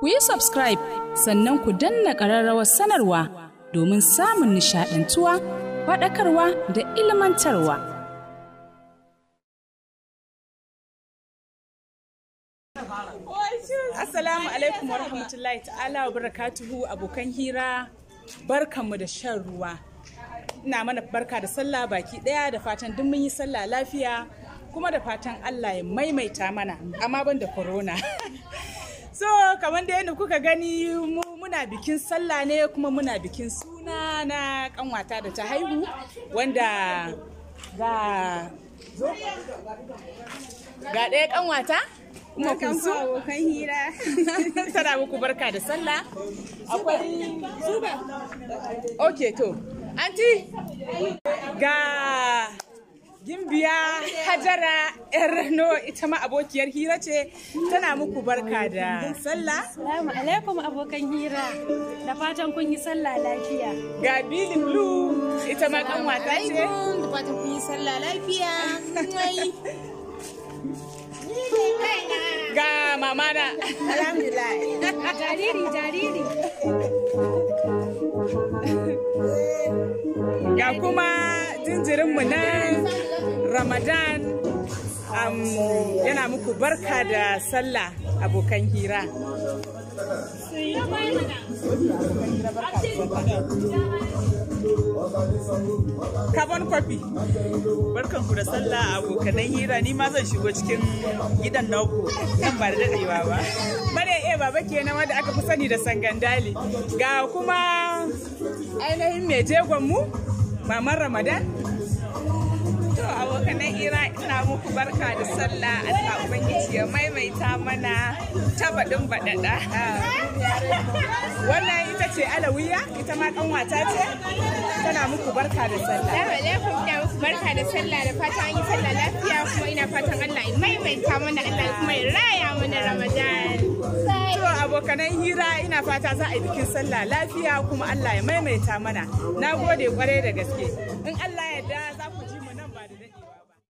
ku yi subscribe sannan ku danna ƙararrawar sanarwa domin samun nishaɗantuwa faɗakarwa da ilmantarwa. Assalamu alaikum wa rahmatullahi ta'ala wa barakatuhu abokan hira barkanmu da shan ruwa. Ina mana barka da sallah baki ɗaya da fatan duk mun yi sallah lafiya kuma da fatan Allah ya maimaita mana amma ban da corona. so kamar da yadda kuka gani mu muna bikin sallah ne kuma muna bikin suna na kanwata da ta haihu wanda ga ga ɗaya kanwata kuma kun so kan hira tana muku barka da sallah akwai zuba okay to anti ga gimbiya Hajara ‘yan rano ita ma abokiyar hira ce tana muku barka da sallah. Salamu alaikum abokan hira da fatan kun yi sallah lafiya. Ga Billy Blue ita ma kan wata ce. da fatan kun yi sallah lafiya. Ga mama na. Alhamdulillah. Jariri jariri. Ga kuma jinjirinmu nan. Ramadan um, yana muku barka da sallah abokan hira. Carbon copy. Barkan ku da sallah abokanan hira ni ma zan shigo cikin gidan naku nan ba da daɗewa ba. Bare eh baba kenan wanda aka fi sani da sangandali. Ga kuma ainihin mai jegon mu Maman Ramadan abokanan ira ina muku barka da sallah Allah ubangiji ya maimaita mana ta baɗin baɗaɗa wannan ita ce alawiya ita ma kanwata ce tana muku barka da sallah yawa laifin ina muku barka da sallah da fatan an yi sallah lafiya kuma ina fatan Allah ya maimaita mana Allah kuma ya raya mana ramadan to abokanan hira ina fata za a yi bikin sallah lafiya kuma Allah ya maimaita mana na gode kwarai da gaske in Allah ya da za ku